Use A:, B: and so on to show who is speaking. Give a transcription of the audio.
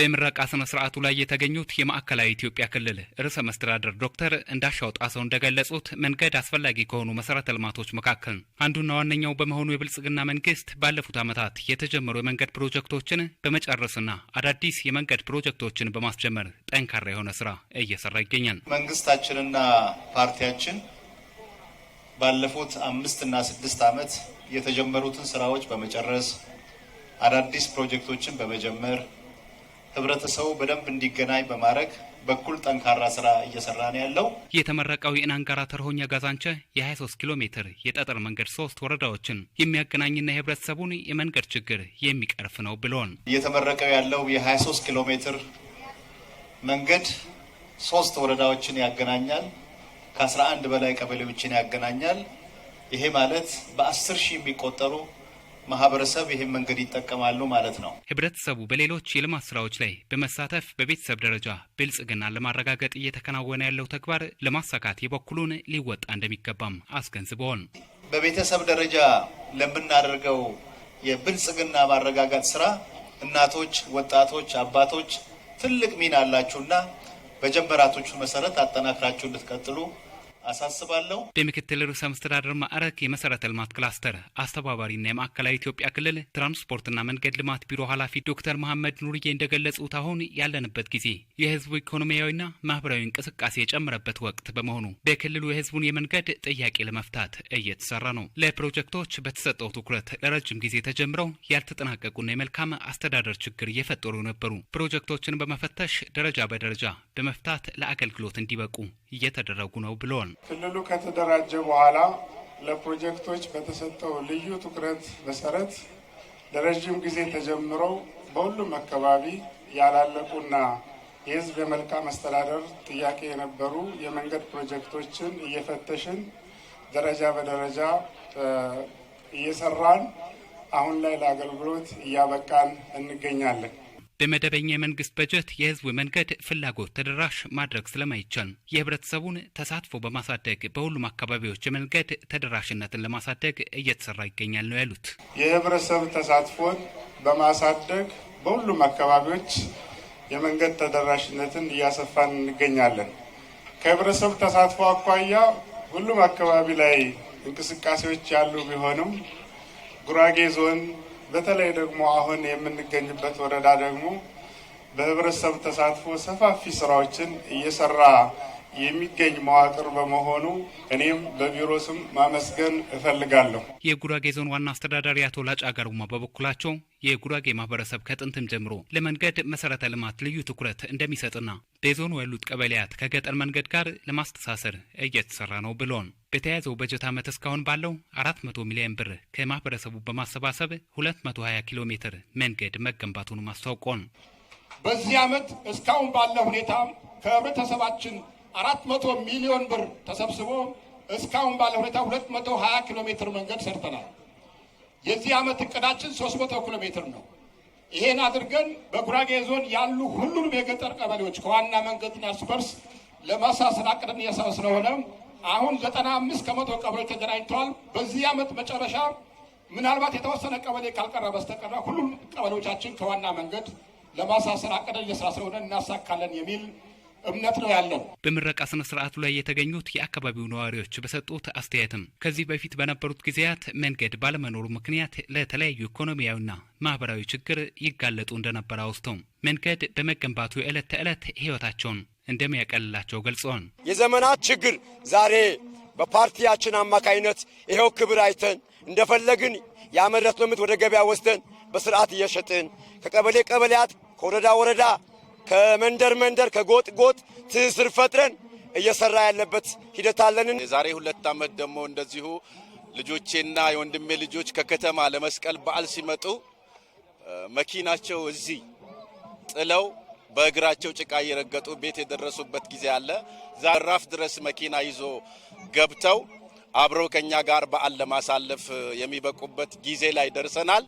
A: በምረቃ ስነ ስርዓቱ ላይ የተገኙት የማዕከላዊ ኢትዮጵያ ክልል ርዕሰ መስተዳደር ዶክተር እንዳሻው ጣሰው እንደገለጹት መንገድ አስፈላጊ ከሆኑ መሰረተ ልማቶች መካከል አንዱና ዋነኛው በመሆኑ የብልጽግና መንግስት ባለፉት ዓመታት የተጀመሩ የመንገድ ፕሮጀክቶችን በመጨረስና አዳዲስ የመንገድ ፕሮጀክቶችን በማስጀመር ጠንካራ የሆነ ስራ እየሰራ ይገኛል።
B: መንግስታችንና ፓርቲያችን ባለፉት አምስትና ስድስት ዓመት የተጀመሩትን ስራዎች በመጨረስ አዳዲስ ፕሮጀክቶችን በመጀመር ህብረተሰቡ በደንብ እንዲገናኝ በማድረግ በኩል ጠንካራ ስራ እየሰራ ነው ያለው።
A: የተመረቀው የኢናንጋራ ተርሆኛ ጋዛንቸ የ23 ኪሎ ሜትር የጠጠር መንገድ ሶስት ወረዳዎችን የሚያገናኝና የህብረተሰቡን የመንገድ ችግር የሚቀርፍ ነው ብሎን
B: እየተመረቀው ያለው የ23 ኪሎ ሜትር መንገድ ሶስት ወረዳዎችን ያገናኛል። ከ11 በላይ ቀበሌዎችን ያገናኛል። ይሄ ማለት በ10 ሺህ የሚቆጠሩ ማህበረሰብ ይህን መንገድ ይጠቀማሉ ማለት ነው።
A: ህብረተሰቡ በሌሎች የልማት ስራዎች ላይ በመሳተፍ በቤተሰብ ደረጃ ብልጽግና ለማረጋገጥ እየተከናወነ ያለው ተግባር ለማሳካት የበኩሉን ሊወጣ እንደሚገባም አስገንዝበዋል።
B: በቤተሰብ ደረጃ ለምናደርገው የብልጽግና ማረጋገጥ ስራ እናቶች፣ ወጣቶች፣ አባቶች ትልቅ ሚና አላችሁና በጀመራቶቹ መሰረት አጠናክራችሁ እንድትቀጥሉ አሳስባለሁ።
A: በምክትል ርዕሰ መስተዳደር ማዕረግ የመሰረተ ልማት ክላስተር አስተባባሪና የማዕከላዊ ኢትዮጵያ ክልል ትራንስፖርትና መንገድ ልማት ቢሮ ኃላፊ ዶክተር መሐመድ ኑርዬ እንደገለጹት አሁን ያለንበት ጊዜ የህዝቡ ኢኮኖሚያዊና ማህበራዊ እንቅስቃሴ የጨመረበት ወቅት በመሆኑ በክልሉ የህዝቡን የመንገድ ጥያቄ ለመፍታት እየተሰራ ነው። ለፕሮጀክቶች በተሰጠው ትኩረት ለረጅም ጊዜ ተጀምረው ያልተጠናቀቁና የመልካም አስተዳደር ችግር እየፈጠሩ ነበሩ። ፕሮጀክቶችን በመፈተሽ ደረጃ በደረጃ በመፍታት ለአገልግሎት እንዲበቁ እየተደረጉ ነው ብለዋል።
C: ክልሉ ከተደራጀ በኋላ ለፕሮጀክቶች በተሰጠው ልዩ ትኩረት መሰረት ለረዥም ጊዜ ተጀምረው በሁሉም አካባቢ ያላለቁና የሕዝብ የመልካም አስተዳደር ጥያቄ የነበሩ የመንገድ ፕሮጀክቶችን እየፈተሽን ደረጃ በደረጃ እየሰራን አሁን ላይ ለአገልግሎት እያበቃን እንገኛለን።
A: በመደበኛ የመንግስት በጀት የህዝብ መንገድ ፍላጎት ተደራሽ ማድረግ ስለማይቻል የህብረተሰቡን ተሳትፎ በማሳደግ በሁሉም አካባቢዎች የመንገድ ተደራሽነትን ለማሳደግ እየተሰራ ይገኛል ነው ያሉት።
C: የህብረተሰብ ተሳትፎን በማሳደግ በሁሉም አካባቢዎች የመንገድ ተደራሽነትን እያሰፋን እንገኛለን። ከህብረተሰብ ተሳትፎ አኳያ ሁሉም አካባቢ ላይ እንቅስቃሴዎች ያሉ ቢሆንም ጉራጌ ዞን በተለይ ደግሞ አሁን የምንገኝበት ወረዳ ደግሞ በህብረተሰብ ተሳትፎ ሰፋፊ ስራዎችን እየሰራ የሚገኝ መዋቅር በመሆኑ እኔም በቢሮ ስም ማመስገን እፈልጋለሁ።
A: የጉራጌ ዞን ዋና አስተዳዳሪ አቶ ላጫ ጋርማ በበኩላቸው የጉራጌ ማህበረሰብ ከጥንትም ጀምሮ ለመንገድ መሰረተ ልማት ልዩ ትኩረት እንደሚሰጥና በዞኑ ያሉት ቀበሌያት ከገጠር መንገድ ጋር ለማስተሳሰር እየተሰራ ነው ብሎን በተያያዘው በጀት ዓመት እስካሁን ባለው 400 ሚሊዮን ብር ከማህበረሰቡ በማሰባሰብ 220 ኪሎ ሜትር መንገድ መገንባቱን ማስታውቆን
D: በዚህ ዓመት እስካሁን ባለ ሁኔታ ከህብረተሰባችን አራት መቶ ሚሊዮን ብር ተሰብስቦ እስካሁን ባለ ሁኔታ ሁለት መቶ ሀያ ኪሎ ሜትር መንገድ ሰርተናል። የዚህ ዓመት እቅዳችን ሶስት መቶ ኪሎ ሜትር ነው። ይሄን አድርገን በጉራጌ ዞን ያሉ ሁሉንም የገጠር ቀበሌዎች ከዋና መንገድና ስፐርስ ለማሳሰር አቅደን እያሰብ ስለሆነ አሁን ዘጠና አምስት ከመቶ ቀበሌዎች ተገናኝተዋል። በዚህ ዓመት መጨረሻ ምናልባት የተወሰነ ቀበሌ ካልቀረ በስተቀረ ሁሉም ቀበሌዎቻችን ከዋና መንገድ ለማሳሰር አቅደን እየስራ ስለሆነ እናሳካለን የሚል እምነት ነው ያለው።
A: በምረቃ ስነ ስርዓቱ ላይ የተገኙት የአካባቢው ነዋሪዎች በሰጡት አስተያየትም ከዚህ በፊት በነበሩት ጊዜያት መንገድ ባለመኖሩ ምክንያት ለተለያዩ ኢኮኖሚያዊና ማህበራዊ ችግር ይጋለጡ እንደነበር አውስተው መንገድ በመገንባቱ የዕለት ተዕለት ህይወታቸውን እንደሚያቀልላቸው ገልጸዋል።
E: የዘመናት ችግር ዛሬ በፓርቲያችን አማካይነት ይኸው ክብር አይተን እንደፈለግን ያመረትነውን ምርት ወደ ገበያ ወስደን በስርዓት እየሸጥን ከቀበሌ ቀበሌያት ከወረዳ ወረዳ ከመንደር መንደር ከጎጥ ጎጥ ትስር ፈጥረን እየሰራ ያለበት ሂደት አለንን።
F: የዛሬ ሁለት ዓመት ደግሞ እንደዚሁ ልጆቼና የወንድሜ ልጆች ከከተማ ለመስቀል በዓል ሲመጡ መኪናቸው እዚህ ጥለው በእግራቸው ጭቃ እየረገጡ ቤት የደረሱበት ጊዜ አለ። ዛራፍ ድረስ መኪና ይዞ ገብተው አብረው ከኛ ጋር በዓል ለማሳለፍ የሚበቁበት ጊዜ ላይ ደርሰናል።